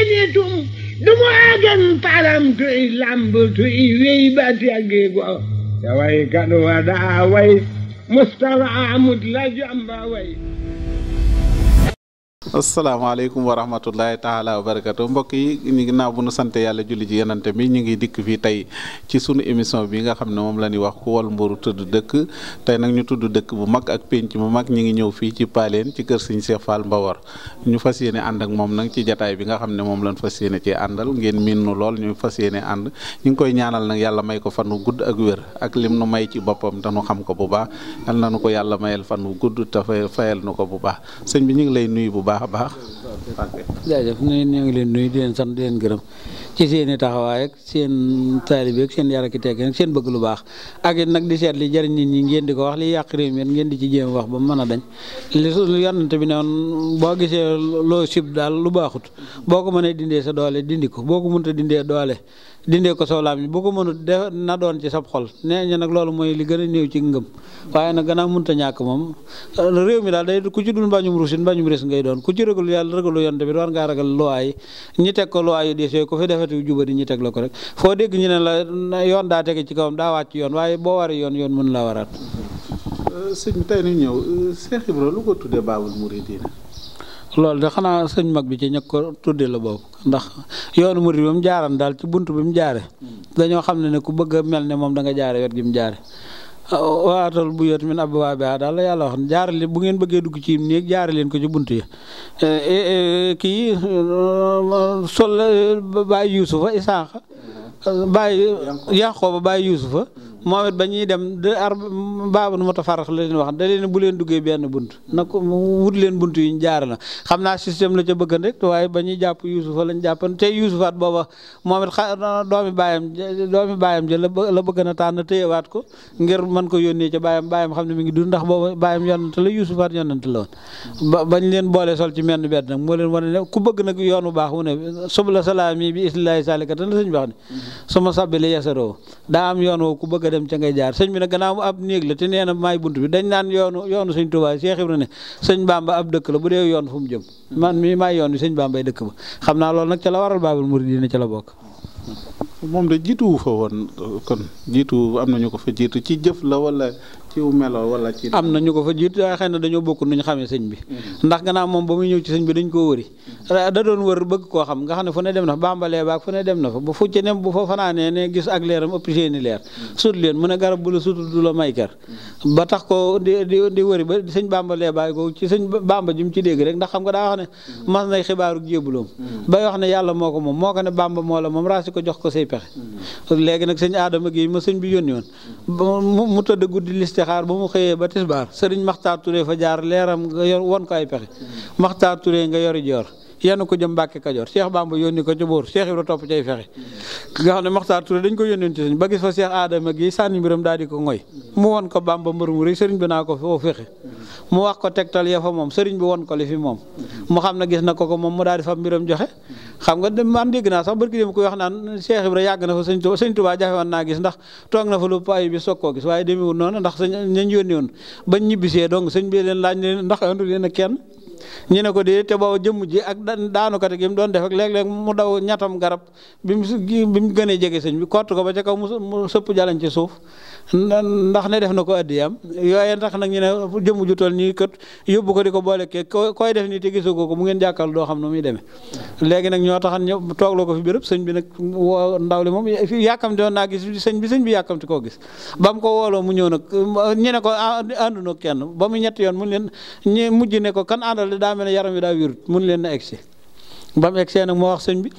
enitum ɗum agan param to i lambo to i weybati agego taway kaɗo waɗa way mustafa amud la jamba way asalaamaaleykum wa rahmatullahi taala wa barakatu mbokk yi ngi naaw bu nu sant yàlla julli ci yenante bi ñu ngi dikk fii tey ci sunu émission bi nga xam ne moom la ñuy wax ku wal tudd dëkk tey nag ñu tudd dëkk bu mag ak pénc bu mag ñu ngi ñëw fii ci paaleen ci kër sëñ Cheikh Fall Mbawar ñu fas yéene ànd ak moom nag ci jataay bi nga xam ne moom lañ fas yéene ci àndal ngeen miin nu lool ñu fas yéene ànd ñu ngi koy ñaanal na yàlla may ko fan fanu gudd ak wér ak lim nu may ci boppam te nu xam ko bu baax yal na nu ko yàlla mayal wu gudd te fayal nu ko bu baax sëñ bi ñu ngi lay nuyu bu baax baax a baax jaajëf ñu ngi leen nuyu di leen sant di leen gërëm ci seen i taxawaay ak seen taalibe ak seen yar ak seen bëgg lu baax ak it nag di seet li jëriñ nit ñi ngeen di ko wax li yàq réew mi ngeen di ci jéem wax ba mu mën a dañ li yonante bi ne loo sib daal lu baaxut boo ko mënee dindee sa doole dindi ko boo ko mënta dindee doole dindee ko soo laam boo ko mënut def na doon ci sab xol nee ña loolu mooy li gën a néew ci ngëm waaye nag gannaaw mënta ñàkk moom réew mi daal day ku ci dul mbañum rusin mbañum res ngay doon ku ci rëgul yàlla ragalu yonte bi war ngaa ragal luwaa yi ñi teg ko luwaa de diis yooyu ku fi defati jubadi ñi teg la ko rek foo dégg ñu ne la yoon daa tege ci kawam daa wàcc yoon waaye boo wari yoon yoon mën la waraat euh, sëñ bi tey ñu ñëw euh, Cheikh Ibra lu ko tuddee Baabul loolu de xanaa sëñ mag bi ci ñëkk ko tuddee la boobu ndax yoonu murid bi mu jaaran daal ci bunt bi mu jaare hmm. dañoo xam ne ne ku bëgg mel ne moom da nga jaare wet gi mu jaare waatal bu yoot min abwaabihaa daal la yàlla wax jaarale bu ngeen bëggee dugg ci néeg jaare leen ko ci bunt yi eh, eh, eh, kii sol bàyyi yuusufa isaaxa bàyyi yaqooba bàyyi yuusufa moom it ba ñuy dem de ar baabun mutafarriq la leen wax da leen bu leen duggee benn bunt na ko wut leen bunt yu ñu jaar la xam naa système la ca bëggan rek waaye ba ñuy jàpp yuusufa lañ jàppan te yuusufaat booba moom it xa doomi baayam doomi baayam ja la bëgg na tànn waat ko ngir mën ko yónnee ca baayam baayam xam ne mu ngi dund ndax booba baayam yonante la yuusufaat yonante la woon bañ leen boole sol ci menn bedd nag moo leen wane ne ku bëgg nag yoon bu baax wu ne la salaami bi islilaahi salikatan la sëñ wax ne suma sabbi li yasaroo daa am yoon woo ku bëgg bëgg a dem ca ngay jaar sëñ bi nag gannaaw ab néeg la te nee na maay bunt bi dañ naan yoonu yoonu sëñ Tuubaa Cheikh Ibra ne sëñ Bamba ab dëkk la bu dee yoon fu mu jëm man mii maay yoon bi sëñ Bambay dëkk ba xam naa loolu nag ca la waral Baabul Muridiina ca la bokk moom de jiituwu fa woon kon jiituwu am na ñu ko fa jiitu ci jëf la wala ci melo wala ci. am na ñu ko fa jiitu waaye xëy na dañoo bokk nu ñu xamee sëñ bi. Mm-hmm. ndax gannaaw moom ba muy ñëw ci sëñ bi dañ koo wëri. da doon wër bëgg koo xam nga xam ne fu ne dem na fa bàmbalee baag fu ne dem na fa ba fu ci ne bu fa fanaanee ne gis ak leeram ëpp seeni leer. Mm-hmm. suut leen mu ne garab bu la suutul du la may kër. Mm-hmm. ba tax ko di di di wëri ba sëñ bàmbalee baag ci sëñ bàmba ji ci dégg rek ndax xam nga daa wax ne. mas nay xibaaru jébuloom. bay wax ne yàlla moo ko moom moo ko ne bàmba moo la moom raasi ko jox ko say pexe léegi nag sëñ aadama gi ma sëñ bi yónni woon mu mu tëdd guddi listixaar ba mu xëyee ba tisbaar sëriñ maxtaar Touré fa jaar leeram nga yor won ko ay pexe maxtaar Touré nga yori joor yenn ko jëm Mbàkke Kajoor Cheikh Bamba yónni ko ci buur Cheikh Ibra topp cay fexe nga xam ne Maxtaar dañ ko yónnoon ci sëñ ba gis fa Cheikh Adama gi sànni mbiram daal di ko ngoy mu won ko Bamba mbër mu rëy sëriñ bi naa ko foo fexe mu wax ko tegtal ya fa moom sëriñ bi won ko li fi moom mu xam na gis na ko ko moom mu daa di fa mbiram joxe xam nga dem man dégg naa sax barki dem koy wax naan Cheikh Ibra yàgg na fa sëñ Tuubaa sëñ Tuubaa jafe woon naa gis ndax toog na fa lu payi bi soog koo gis waaye demewul noonu ndax sëñ ñañ yónni woon bañ ñibbisee donc sëñ bi leen laaj ne ndax andu leen ak kenn ñu ne ko dee te boobu jëmm ji ak daanu kat gi mu doon def ak léeg-léeg mu daw ñatam garab bi mu bi mu gënee jege sëñ bi kott ko ba ca kaw mu sëpp jalañ ci suuf ndax ne def na ko addiyam yooye tax nag ñu ne jëmm ju toll nii kat yóbbu ko di ko boole kee koy def nii te gisoo ko mu ngeen jàkkal doo xam nu muy deme léegi nag ñoo taxan ñëw toogloo ko fi béréb sëñ bi nag woo ndaw li moom yàkkamti woon naa gis sëñ bi sëñ bi yàkkamti koo gis ba ko wooloo mu ñëw nag ñu ne ko ah, àndunoo kenn ba mu ñetti yoon mun leen ñu mujj ne ko kan àndal daa mel ne yaram wi daa wérut mun leen na egsi ba mu egsee nag moo wax sëñ bi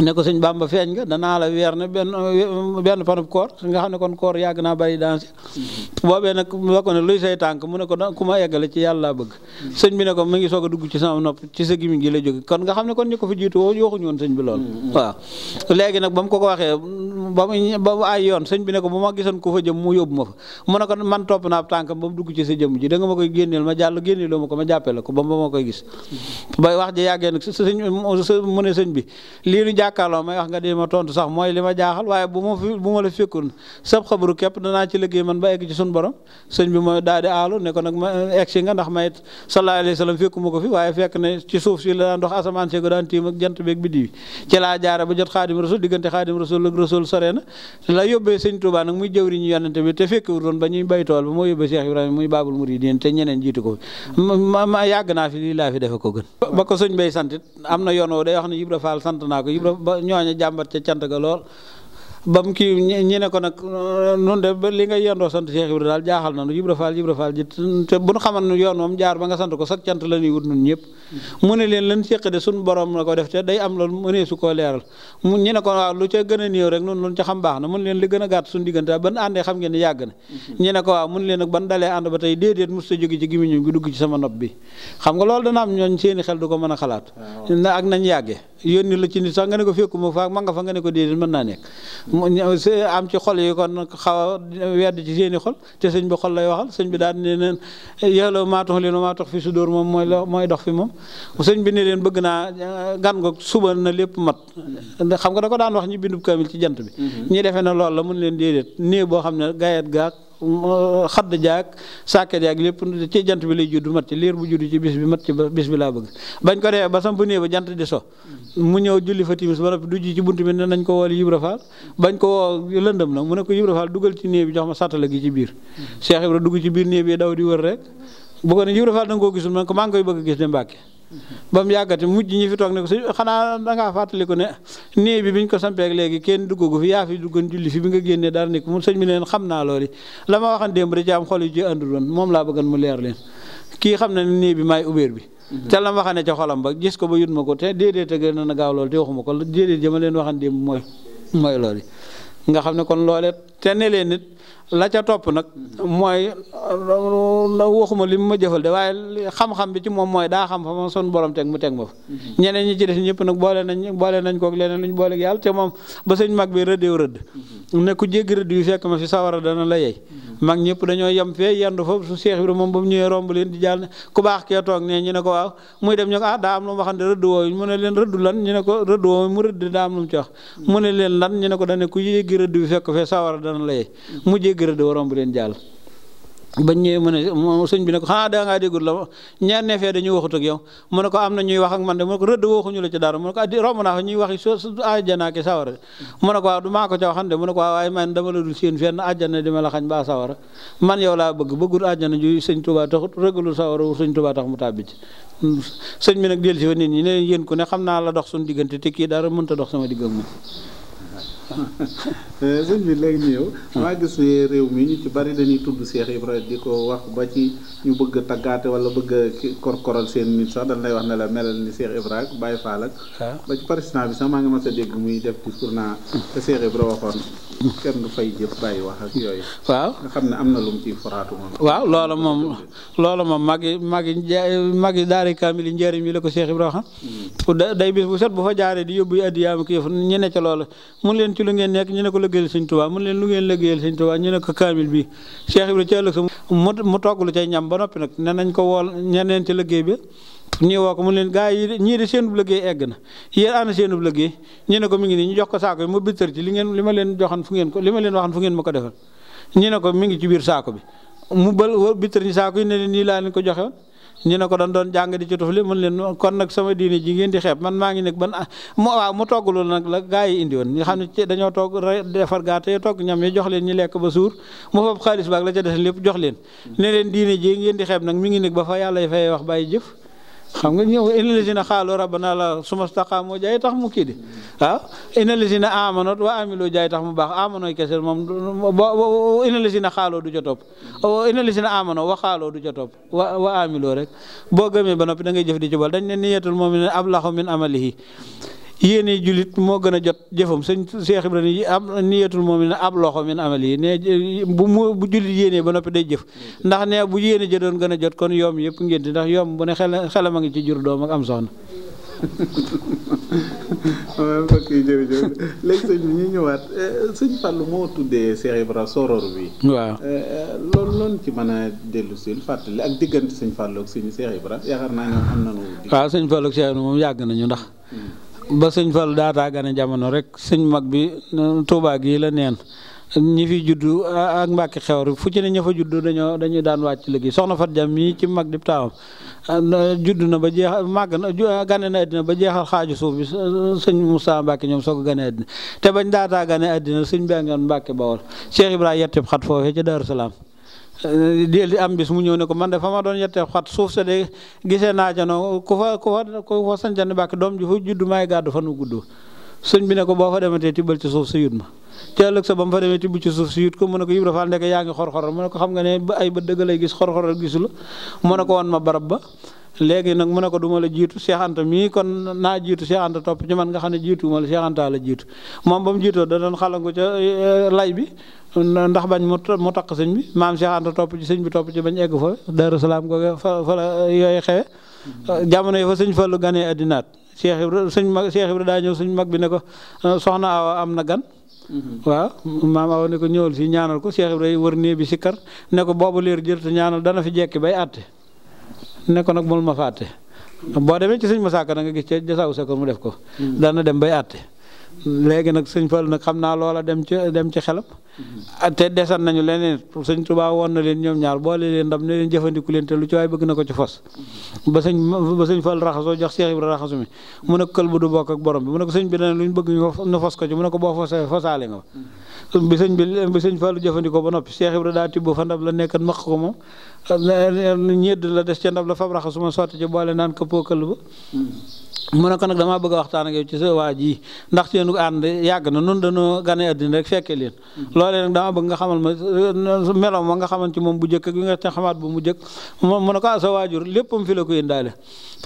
ne ko sëñ Bamba feeñ nga danaa la weer ne benn benn fanub koor nga xam ne kon koor yàgg naa bàyyi danse boobee nag la ko ne luy say tànk mu ne ko ku ma eggale ci yàlla ko mu ngi soog a dugg ci sama nopp sa xam ne ko bi lool waaw léegi nag ba mu ko ko mu ba bu ma gisoon ku fa jëm mu yóbbu ma fa mu ne ko man topp naa ab tànk ba mu dugg ci sa jëm ji da ma koy génneel ma jàll génneeloo ma ko ma jàppee la ko ba ma koy gis bay wax ji yàggee nag mu ne sëñ bi jàkkaarloo may wax nga di ma tontu sax mooy li ma jaaxal waaye bu ma fi bu ma sab xabaru képp danaa ci liggéey man ba egg ci sun borom sëñ bi mooy daal di aalu ne ma egg si nga ndax may sallallahu alayhi wa sallam fekku ma ko fi waaye fekk ne ci suuf si la daan dox asamaan see ko daan tiim jant beeg biddi bi ci jaare ba jot xaadim rasul diggante xaadim rasul ak rasul sore la yóbbee sëñ Tuubaa nag muy jëwriñu yonente bi te fekkiwul doon ba ñuy bay ba ñooñu jàmbat ca cant ga lool ba mu kii ñi ne ko nag nun de ba li nga yendoo sant Cheikh Ibra na nu Ibra Faal Ibra Faal ji te bu nu xaman yoon moom jaar ba nga sant ko sax cant la ñuy wut nun ñëpp mu ne leen ah, lu ca a néew rek nun lu ca xam baax na mun leen li gën a gàtt suñ diggante ban àndee xam ngeen yàgg na ñi ne ko waaw ah, mun leen nag ban dalee ànd ba tey déedéet mos ta jóge ci gimiñum gi dugg ci sama nopp bi xam nga loolu dana ñooñ seeni xel du ko mën a xalaat na ak nañ yàggee yónni la ci nit sax nga am ci xol yi kon xaw a wedd ci seeni xol te sëñ bi xol lay waxal sëñ bi daal ne leen yélo maa tax li maa tax fi su dóor moom mooy mooy dox fi moom sëñ bi ne leen bëgg naa eh, gan goog suba na lépp mat xam nga da ko daan wax ñi bindub kaamil ci jant bi mm-hmm. ñi defee na loolu la mun leen déedéet nii boo xam ne gayet gaak xadd jaag sàkket jaag lépp ci jant bi lay judd mat ci liir bu judd ci bis bi mat ci bis bi laa bëgg bañ ko defee ba samp néeg ba jant di so mu ñëw julli fa timis ba noppi dujj ci bunt bi ne nañ ko wool Ibra Faal bañ ko woo lëndëm na mu ne ko Ibra Faal dugal ci néeg bi jox ma sàttala ci biir Cheikh Ibra dugg ci biir néeg bi daw di wër rek bu ko ne Ibra Faal da koo gisul man ko maa ngi koy bëgg gis ne Mbàkke ba mu yàggati mujj ñi fi toog ne ko suñ xanaa dangaa fàttaliku ne néeg bi biñ ko sampeeg léegi kenn duggagu fi yaa fi duggoon julli fi bi nga génnee dara nekk mu sëñ bi leen xam naa loolu la ma waxan démb da ci am moom laa bëggan mu leer leen kii xam na ne bi maay ubéer bi mhm. ca la ma waxane ba gis ko ba yut ma ko te déedéet a gën a gaaw loolu te waxuma ko déedéet jëma leen waxan démb mooy mooy loolu nga xam ne kon loolee te ne nit la ca topp nag mooy waxuma li mu ma jëfal de waaye xam-xam bi ci moom mooy daa xam fa ma son borom teg mu teg ma fa ñeneen ñi ci des ñëpp nag boole nañ boole nañ koog leneen luñ booleeg yàlla te moom ba sëñ mag bi rëddeew rëdd ne ku jéggi rëdd yu fekk ma fi sawara dana la yey mag ñëpp dañoo yem fee yendu fa su moom ba mu romb leen di jàll ne ku baax kee toog ñu ne ko waaw dem ñu ko ah, am lu ma xam ne rëdd wooyu mu ne leen rëddu lan ñu ne ko rëdd wooyu mu rëdd daa am lu mu ci mu ne leen lan ñu ne ko dane ku jéggi rëdd yu fekk fee sawara dana la yey gërë doo romb leen jàll bañ ñëwee mu ne sëñ bi ne ko xanaa da ngaa déggul la ñaar neefee dañuy waxut ak yow mu ne ko am na ñuy wax ak man de mu ne ko rëdd waxuñu la ci dara mu ne ko addi ah, ah, ah, waaye man dama la dul seen fenn àjjana di ma la xañ baa sawara man yow laa bëgg bëggul àjjana ju sëñ Tuubaa taxut rëgalul sawara wu sëñ Tuubaa tax mu tàbbi ci sëñ bi nag dellu si fa nit ñi ne yéen ku ne xam naa la dox suñu diggante te kii dara mënta dox sama digg sëñ euh, bi léegi ñu yow. maa gis ne réew mi ñu ci bari dañuy tudd Cheikh Ibrahima di ko wax ba ci ñu bëgg a taggaate wala bëgg kor korkoral seen nit sax dañ lay wax ne la melal ni Cheikh Ibrahima Baye Fall ak. Ah. ba ci président bi sax maa ngi mas a dégg muy def discours naa te Cheikh Ibrahima waxoon. kër nga fay jëf bàyyi wax waaw nga xam ne am na lum ci foraatu moom. waaw loola moom loola moom magi magi magi daari kaamil njëriñ mi la ko Cheikh Ibrahima. Mm. day bis bu set bu fa jaaree di yóbbu addiyaam ki yëf ñu ne ca loola mun leen ci lu ngeen nekk ñu ne ko lëggéeyal Sëñ Tuubaa mun leen lu ngeen lëggéeyal Sëñ Tuubaa ñu ne ko kaamil bi Cheikh Ibrahima ca ëllëg sa mu togg lu ca ñam ba noppi nag nee nañ ko wool ñeneen ci lëggéey bi. ñu woo ko mu leen gaa yi ñii de seenub liggéey egg na yéen ana seenub liggéey ñu ne ko mu ngi nii ñu jox ko saako bi mu bittar ci li ngeen li ma leen joxan fu ngeen ko li ma leen ngi ci biir saako bi mu ñi saako yi ne leen nii laa leen ko joxe ñu ne ko dañ doon jàng di ci tufli mën leen kon nag sama ji ngeen di xeeb man maa ngi nekk ban ah, mu waaw mu togg loolu nag la yi indi woon xam ne dañoo togg defar gaata yi togg ñam jox leen ñu lekk ba suur mu fab xaalis baag la ca des lépp jox leen ne leen diine ji ngeen di xeeb nag mi ngi nekk ba fa yàlla fay wax bàyyi jëf xam nga ñëw inna lazina xaalu rabbana la suma staqaamoo jaay tax mu kii di waaw ah, inna lazina amanot wa amiloo jaay tax mu baax amanooy kese moom bo inna lazina xaaloo du ca topp inna lazina amano wa xaaloo du ca wa wa amiloo rek boo gëmee ba noppi dangay jëf di ci bol dañ ne niyatul ab ablahu min amalihi yéene jullit moo gën a jot jëfam sëñ Cheikh Ibrahima yi am niyatul moom ne ab loxo min amal yi ne bu mu bu jullit yéene ba noppi day jëf ndax ne bu yéene ja doon gën a jot kon yoom yëpp ngeen di ndax yoom bu ne xel xelam a ngi ci jur doom ak am soxna. waaw mbokk yi eh, moo tuddee Cheikh Ibra soror bi. waaw eh, eh, loolu loolu ci mën a dellu si fàttali ak diggante sëñ Fallou ak sëñ Cheikh Ibra yaakaar naa ñoom am nañu. waaw sëñ Fallou ak Cheikh moom yàgg nañu ndax. Hmm. ba sëñ Fall daataa gane jamono rek sëñ mag bi Touba gii la neen ñi fi juddu ak xew rek fu ci ne ña juddu dañoo dañuy daan wàcc léegi soxna Fat Jam mii ci mag di taawam juddu na ba jeexal màgg na gane na àddina ba jeexal xaaju suuf bi sëñ Moussa Mbàkke ñoom soo ko gane àddina te bañ daataa gane àddina sëñ bi a ngoon Mbàkke Bawol Cheikh Ibrahima yettib xat foofee ca Daaru Eh, déel di am bis mu ñëw ne ko man de fa ma doon yettee xat suuf sa de gisee naa ca noonu ku fa ku fa ku fa sañcani doom ji fu juddu maay gàddu fa nu gudd sëñ bi ne ko boo fa dematee tibbal ci suuf si yut ma ci ëllëg sa ba mu fa demee tibb ci suuf si yut ko mu ne ko Ibra Faal ndeke yaa ngi xor-xor mu ne ko xam nga ne ay ba dëgg gis xor-xor gisu mu ne ko wan ma barab ba léegi nag mu ne ko duma la jiitu Cheikh mii kon naa jiitu Cheikh Anta topp ci man nga xam ne jiitu la Cheikh Anta jiitu moom ba mu jiitoo da doon xalangu ca eh, lay bi ndax bañ mu takk sëñ bi maam Cheikh topp ci sëñ bi topp ci bañ egg fa Daaru Salaam googu fa fa la eh, yooyu xewe jamono yi fa sëñ falu ganee addinaat Cheikh rek sëñ mag Cheikh Ibra daa ñëw sëñ mag bi ne ko eh, soxna Awa am na gan mm-hmm. waaw maam Awa ne ko ñëwal si ñaanal ko Cheikh Ibra wër néeg bi sikkar ne ko boobu leer jër te ñaanal dana fi jekki bay àtte ne ko nag moom ma fàtte boo demee ci sëñ ma Ka da nga gis ca jasaawu ko mu def ko hmm. daan na dem bay àtte léegi nag sëñ Fall nag xam naa loola dem ci dem ci xelam mm-hmm. te desan nañu leneen sëñ Tuubaa woon na leen ñoom ñaar boole leen ndam ne leen jëfandiku leen te lu ci waay bëgg na ko ci fos mm-hmm. ba sëñ ba sëñ Fall raxasoo jox Cheikh Ibra raxasu mi mu ne ko kël bu du bokk ak borom bi mu ne ko sëñ bi dana lu ñu bëgg ñu fos ko ci mu ne ko boo fosee fosaale nga ba mm-hmm. bi sëñ bi bi jëfandikoo ba noppi Cheikh Ibra daa tibb fa ndab la nekkat maq ko moom ñedd la des ca ndab la fab raxasu ma sotti ci boole naan këppoo këll ba mu ne ko nag damaa bëgg a waxtaan a yow ci sa waa ji ndax seenu ànd yàgg na nun dañoo gane àddina rek fekke leen loolee nag damaa bëgg nga xamal ma euh, meloom ma nga xaman ci moom bu jëkk ak bi nga te xamaat bu mu jëkk mu ne ko ah, sa waajur léppam fi la ko yëndaale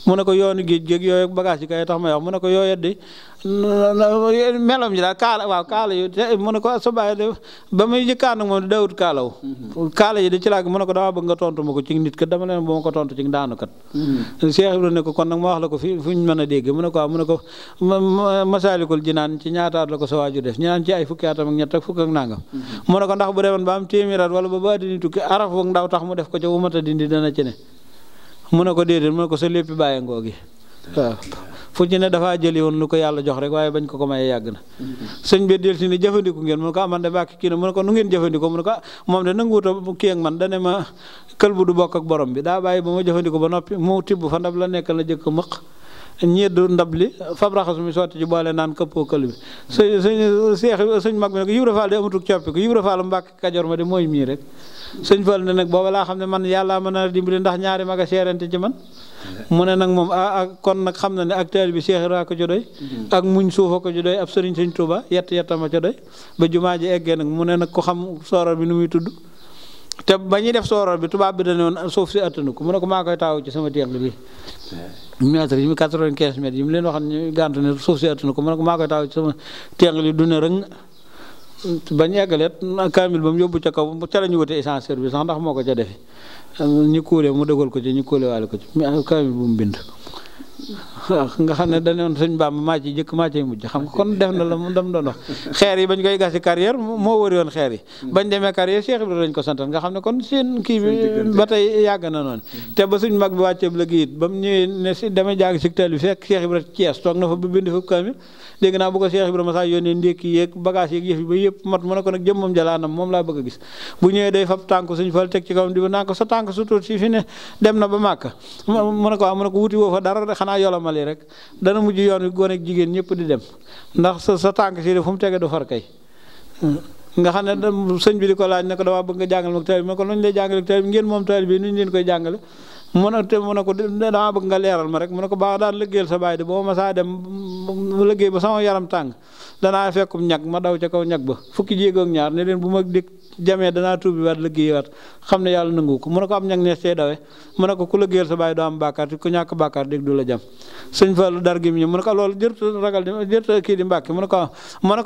mu ne ko yoonu géej géej yooyu bagage yi kay tax may wax mu ne ko yooyu de melam ji daal kaala waaw kaala yu te mu ne ko sa baay de ba muy njëkkaan nag moom dawut kaalaw mhm. kaala yi da ci laaj mu ne ko dama bëgg nga tontu ma ko ci nit dama leen ba ma ko tontu ci daanu kat mhm. Cheikh Ibrahima ko kon nag ma wax la ko fi fu mën a dégg mu ne ko waaw mu ne ko masaalikul jinaan ci ñaataat la ko sa waaju ñaan ci ay fukki ñett ak fukk ak mhm. ko ndax bu demoon ba am téeméeraat wala ba ba dini tukki araf ak ndaw tax mu def ko ca wu mat a dindi dana ci ne mu ne ko déedéet mu ne ko sa léppi bàyyi ngoo gi waaw fu ci ne dafaa jëli woon lu ko yàlla jox rek waaye bañ ko ko mayee yàgg na sëñ bi del si ne jëfandiku ngeen mun ko aman ah de bàkki kii na mu ne ko nu ngeen jëfandikoo mu ne ko ah moom de nanguwut a kii ak man dane ma kël bu du bokk ak borom bi daa bàyyi ba ma jëfandiku ba noppi mu tibb fa ndab la nekk la jëkk mëq ñeddu ndab li fab raxas mi sotti ci boole naan këppoo kël bi sëñ sëñ seex sëñ mag bi ne ko Ibra Faal de amatul coppiku Ibra Faal Mbàkke mii rek sëñ Fall na nag booba laa xam ne man yàllaa mën a dimbali ndax ñaari mag a seerante ci man mu ne nag moom ah, ah kon nag xam na ne ak teel bi Cheikh Ibra ko ci doy ak muñ suufa ko ci doy ab sëriñ sëñ Touba yett yettama ca doy ba jumaa ji eggee nag mu ne nag ko xam sooroor bi nu muy tudd te ba ñuy def sooroor bi tubaab bi dane woon ah, suuf si attanu ko mu ne ko taaw ci sama teel bi mètre yi mu leen waxoon ñu gànt ne suuf si attanu ko mu ne ko maa koy taaw ci sama teel bi du ne rëng ba bañ eggaleet kaamil ba mu yóbbu ca kaw ca la ñu wute essence service sax ndax moo ko ca defe ñu kuule mu dëgal ko ci ñu kuule waale ko ci kaamil bu mu bind nga xam ne danoon sëñ Bàmba maa ci jëkk maa ci mujj xam nga kon def na la dam doon wax xeer yi bañ koy gasi carrière moo wëri woon xeer yi mm. bañ demee carrière Cheikh Ibrahima lañ mm. toog na fa ba bind fa kaamil dégg naa bu ko Cheikh Ibrahima saa yónnee ndékki yeeg bagage yeeg yëf ba yëpp mat mu ne ko nag jëmmam jalaanam moom laa bëgg a gis bu ñëwee day fab tànk suñ fal teg ci kawam di ba naa ko sa tànk su tuut si fi ne dem na ba màkk mu ne ko waaw yemale rek dana mujj yoon wi góor ak jigéen ñëpp di dem ndax sa sa tànk si fu mu tege du far kay nga xam ne sëñ ko laaj ne ko damaa bëgg nga jàngal moom taalib bi ma ko nuñ lay jàngale taalib bi ngeen moom taalib bi nuñ leen koy jàngale mu ne te mu ne ko damaa bëgg nga leeral ma rek mu ne ko baax daan lëggéeyal sa baay de boo ma saa dem lëggéey ba sama yaram tàng danaa fekkum ñag ma daw ca kaw ñag ba fukki jéegoog ñaar ne leen bu ma dikk jamee danaa tuubiwaat liggéeyaat xam ne yàlla nangu ko mu ne ko am ñag nees cey mu ne ko ku liggéeyal sa bàyyi doo am bàkkaar ku ñàkk bàkkaar dégg du la jam sëñ Fallu dar gi mu ñëw mu ne ko loolu jërtu ragal di jërtu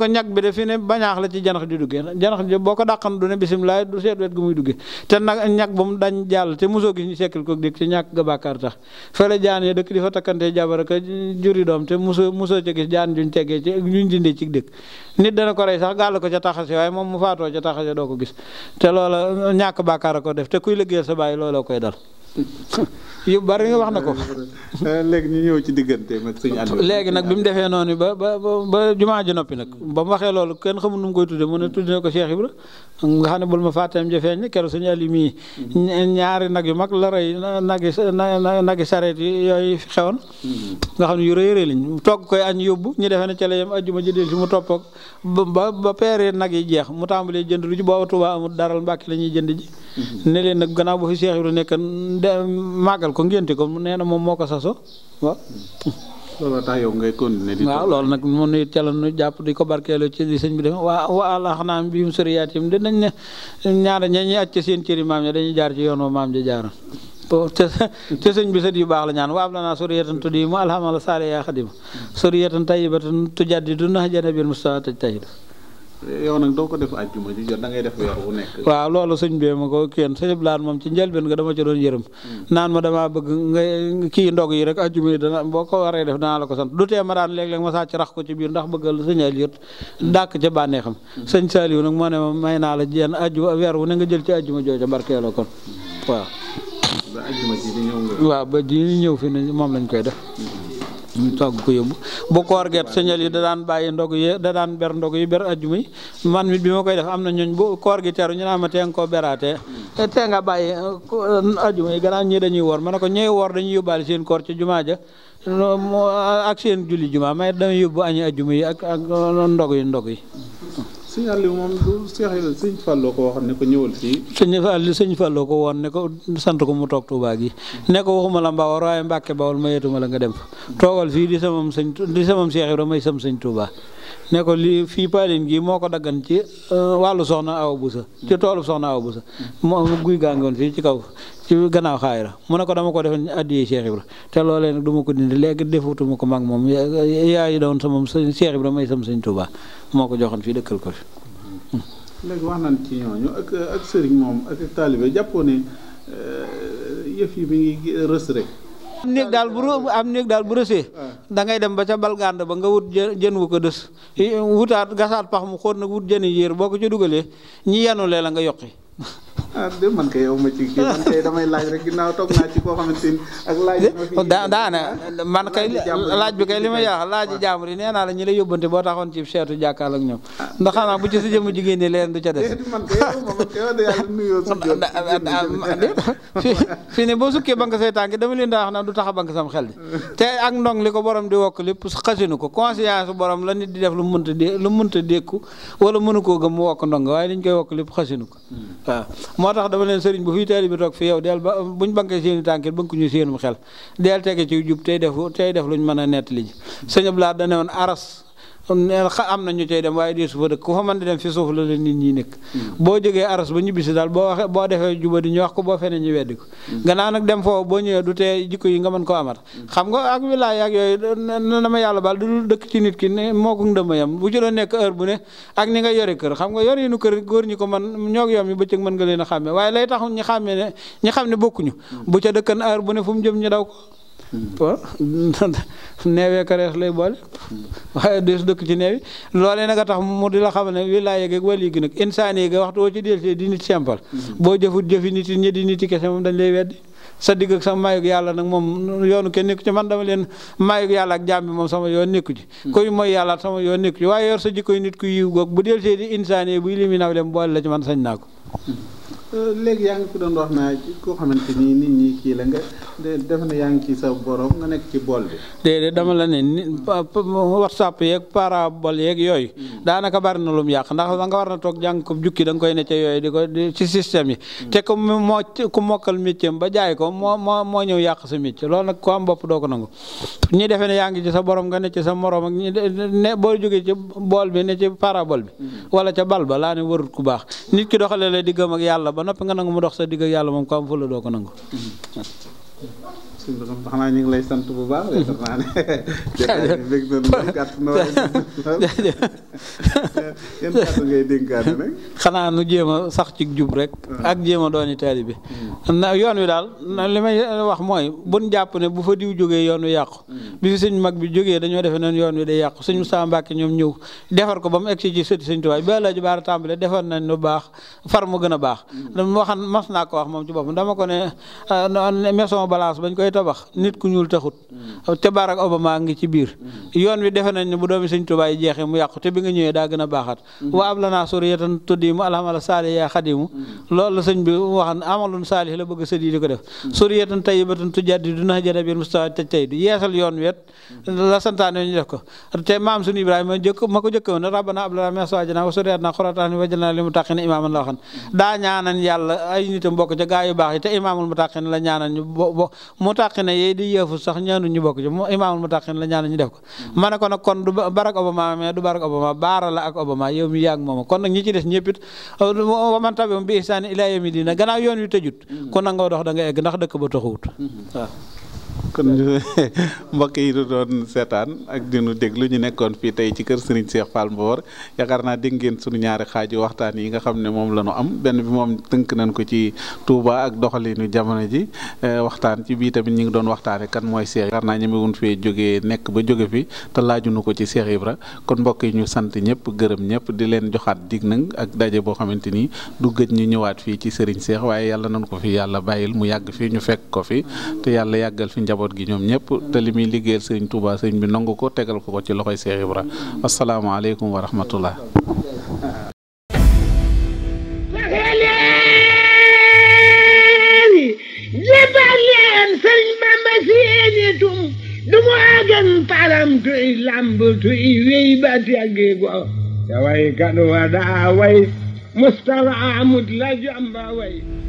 ñag bi de fii ne bañaax la ci janax di duggee janax ji boo ko na du ne bisimilaay du seet wet gu muy duggee te nag ñag ba mu dañ jàll te mosoo gis ñu sekkil ko dégg ci ñàkk ga tax fële jaan ya dëkk di fa takkante jabar ak juri doom te mosoo mosoo ca gis jaan juñ teggee ci juñ dindee ci dëkk ko gis te loola ñàkk bàkkaar a ko def te kuy liggéeyal sa bàyyi looloo koy dal yu bari wax na ko. Eh, léegi ñu ñëw ci diggante ak nag bi mu defee noonu ba ba ba jumaa ji noppi nag ba mu waxee loolu kenn xamul nu mu koy tuddee mu ne tuddee ko Cheikh Ibra nga xam ne bul ma fàtteem jafeeñ ne keroog suñu àll mii ñaari nag yu mag la rëy nag yi nag yi sareet yi yooyu xewoon. Mm-hmm. nga xam ne yu rëy rëy lañ togg koy añ yóbbu ñu defee ne ca la yem ajjuma ji dellu si mu topp ba ba peeree nag yi jeex mu tàmbalee jënd lu ci booba Tuubaa amul daral Mbàkke la ñuy ji. Mm-hmm. ne nag gannaaw bu fi Cheikh Ibra de màggal ko ngénte ko mu nee na moom moo ko saso waaw. loolu tax yow ngay continuer di waaw loolu nag mu nuyu ca nu jàpp di ko barkeeloo ci li sëñ bi demee waa waa la xanaa bi mu soriyaatiim dinañ ne ñaare ña ñuy àcc seen cëri maam ya dañuy jaar ci yoon wa maam ja jaaroon. te sëñ bi sa yu baax la ñaan waab la naa suriyatan tuddi mu alhamala saale yaa xadima suriyatan tayyibatan tujaddidu nahja nabil mustafa taj tayyib yow nag doo ko def àjjuma ji jot da ngay def weer wu nekk. waaw loolu sëñ bee ma ko kenn sëñ Abdoulaye moom ci njëlbeen nga dama ci doon yërëm. Mm. naan ma damaa bëgg nga kii ndog yi rek àjjuma yi dana boo ko waree def danaa la ko sant du tee ma daan léeg-léeg ma sàcc rax ko ci biir ndax bëggal sëñ Aliou dàkk ca bànneexam. Mm. sëñ Saliou nag moo ne ma may naa la jenn àjjuma weer wu ne nga jël ci àjjuma jooja barkeeloo kon mm. waaw. ba àjjuma ji di ñëw nga. waaw ba ji ñëw fi ne moom lañ koy def. ñu togg ko yóbbu bu koor geet sëñal yi da daan bàyyi ndog yi da daan ber ndog yi ber ajjuma yi man mit bi ma koy def am na ñooñ bu koor gi teru ñu naa ma teen koo beraatee tee nga bàyyi uh, uh, ajjuma yi gannaaw ñii dañuy woor ma ne ko ñooy woor dañuy yóbbaale seen koor ci jumaa ja ak seen julli jumaa may damay yóbbu añi ajjuma yi ak ak uh, ndog yi ndog yi sëñ Aliou moom du Seex sëñ Fallou ko waxoon ne ko ñëwal fii. sëñ Aliou sëñ ko woon ne ko sant ko mu toog tuubaa gi ne ko waxuma la Mbawar waaye Mbàkke Bawol ma yeetuma la nga dem toogal fii di samam sëñ di samam Seex Ibra may sam sëñ Touba ne ko lii fii paalin gi moo ko daggan ci euh, wàllu soxna Awa sa ci toolu soxna Awa sa moo guy gaa ngi woon fii ci kaw ci gannaaw ra mu ne ko dama ko defoon addiye Cheikh Ibra te loolee nag du ma ko dindi léegi ma ko mag moom yaay doon sama Cheikh Ibra may sam sëñ Touba moo ko joxoon fii dëkkal ko fi. léegi wax nañ ci ñooñu ak moom ak ak taalibe jàppoo ne eh, yëf yi am néeg daal bu am néeg daal bu rësee ah. da ngay dem ba ca balgand ba nga wut jën wu ko des wutaat gasaat pax mu xóot nag wut jën yi boo ko ca dugalee ñi yenu lee la nga yokki ah man kay yow ma ci kii man kay damay laaj rek ginnaaw toog naa ci koo xamante ni ak laaj daana man laaj bi kay li ma yaax laaj jaamur yi nee naa la ñu lay yóbbante boo taxoon ci seetu jàkkaal ak ñoom ndax xanaa bu ci sa jëmm jigéen ñi leen du ca des man kay fii ne boo sukkee banque say tànk dama leen daa wax na du taxa a banque sam xel di te ak ndong li ko borom di wokk lépp xasinu ko conscience borom la nit di def lu munta dé lu munta dékku wala mënu koo gëm mu wokk ndong waaye liñ koy wokk lépp xasinu ko hmm. waaw moo tax dama leen sëriñ bu fi taalibe toog fi yow del ba buñ bankee seen i tànkil bënk ñu seenum xel del tege ci jub tey def tey def luñ mën a nett li ji sëñ laa da ne aras neen am na ñu cay dem waaye dee su fa dëkk ku fa mën di dem fi suuf la la nit ñi nekk mm. boo jógee aras ba ñibbisi daal boo waxee boo defee juba ñu wax ko boo fenee ñu weddi ko mm. gannaaw nag dem foofu boo ñëwee du tee jikko yi nga mën ko amat mm. xam nga ak wilaay ak yooyu na ma yàlla baal du dul dëkk ci nit ne moo ko ndëma yam bu nekk heure ne ak ni nga yore kër xam nga yor yi nu kër góor ñi ko man ñoog yoom yi bëccëg mën nga leen a xàmmee waaye lay tax ñi xàmmee ne ñi xam ne bokkuñu bu ca dëkkan ar bu ne fu mu jëm ñu daw ko Mm. neewee karees lay boole mm. waaye des dëkk ci neewi loolee nag a tax mu di la xam ne wi laa yegeeg wàll yi gi nag insaan yi ga waxtu woo ci deltee di nit simple mm. boo jëfut jëfi nit ñi di nit yi kese moom dañ lay weddi sa digg ak sama yàlla nag moom yoonu kenn nekku ci man dama leen maayug yàlla ak jaam bi moom sama yoon nekku ci koy mooy yàlla sama yoon nekku ci waaye yor sa jikkoy nit ku yiw goog bu deltee di insaan yi buy limi naw dem boole la ci man sañ naa ko euh, léegi yaa wax naa koo xamante ni nit kii la déedéet na yaa ngi ci sa borom nga nekk ci bool bi. déedéet dama la ne ni whatsapp yeeg parabol yeeg yooyu. Mm. daanaka bari na lu mu yàq ndax da nga war na toog jàng ko jukki da nga koy ne ca yooyu di ko ci système yi. Mm. te ku moo ku mokkal métier ba jaay ko moo moo moo ñëw yàq sa métier loolu nag ku am bopp doo ko nangu. ñi defe ne yaa ngi ci sa borom nga ne ci sa morom ak ñi ne boo jógee ci bool bi ne ci bi. Mm. wala ca bal ba laa ne warut ku baax nit ki doxalee la diggam ak yàlla ba noppi nga nangu mu dox sa digg ak yàlla moom ko am fu doo ko nangu. suñu borom xanaa ngi lay sant bu baax. yaakaar naa ne nu jéem a sax ci jub rek. Ah. ak jéem a dooni taalibe bi. Hmm. yoon wi daal na li may wax mooy buñ jàpp ne bu fa diw jógee yoon wi yàqu. Hmm. bi fi suñ mag bi jógee dañoo defe ne yoon wi day yàqu suñu Moussa Mbacke ñoom ñëw defar ko ba mu egg ci sëti Sëñ Tuubaa bi Alaaji Baara tàmbalee defar nañ lu baax far mu gën a baax. dama hmm. waxan mas naa ko wax moom ci boppam dama ko ne ah, maison balance bañ koy tabax nit ku ñuul taxut mm. te Barack Obama ngi ci biir mm. yoon wi defe nañ ne bu doomi sëñ Tuubaa yi jeexee mu yàqu te bi nga ñëwee daa gën a baaxaat mm-hmm. wa am la naa suriyatan tuddiimu alhamala saalih yaa xadimu mm-hmm. loolu la sëñ bi waxan amalun saalih la bëgg sët yi di ko def mm-hmm. suriyatan tayyibatan tujaddidu nax jada biir du yeesal yoon wet la santaane ñu def ko te maam suñu Ibrahima jëkk ma ko jëkkoon rabbana ablana min azwaajina wa suriyaatina qurrata a'yun waj'alna lil muttaqina imaaman la waxan daa ñaanan yàlla ay nitam bokk ca gaa yu baax yi te imaamul Mutaqine yooyu di yëfu sax ñaanu ñu bokk ci mu imaamul Mutaqine la ñaanu ñu def ko. ma ne ko nag kon du Barack Obama mais du Barack Obama baara la ak Obama yow mi moom kon nag des ñëpp it wa man tabi'ahum bi ihsaanin ilaa yawmi diin gannaaw yoon wi tëjut. Mm-hmm. ku nangoo dox da nga egg ndax dëkk ba taxawut mm-hmm. waaw. kon mbokk yi du doon seetaan ak dinu déglu ñu nekkoon fii tey ci kër Serigne Cheikh Fall Mbawar yaakaar naa dégg ngeen sunu ñaari xaaju waxtaan yi nga xam ne moom la ñu am benn bi moom tënk nañ ko ci Touba ak doxalinu jamono ji eh, waxtaan ci bii tamit ñu ngi doon waxtaane kan mooy Cheikh yaakaar naa ñemewuñ fee jóge nekk ba jóge fi te laajunu ko ci Cheikh yibra kon mbokk yi ñu sant ñëpp gërëm ñëpp di leen joxaat dig nag ak daje boo xamante ni du gëj ñu ñëwaat fii ci Serigne Cheikh waaye yàlla nañ ko fi yàlla bàyyil mu yàgg fii ñu fekk ko njaboot gi ñoom ñëpp te li liggéeyal sëriñ Touba sëriñ bi nangu ko tegal ko ci loxoy Cheikh Ibra asalaamaaleykum wa rahmatullah tuy lamb tuy wey bati agge go way kadu wada way mustafa la jamba way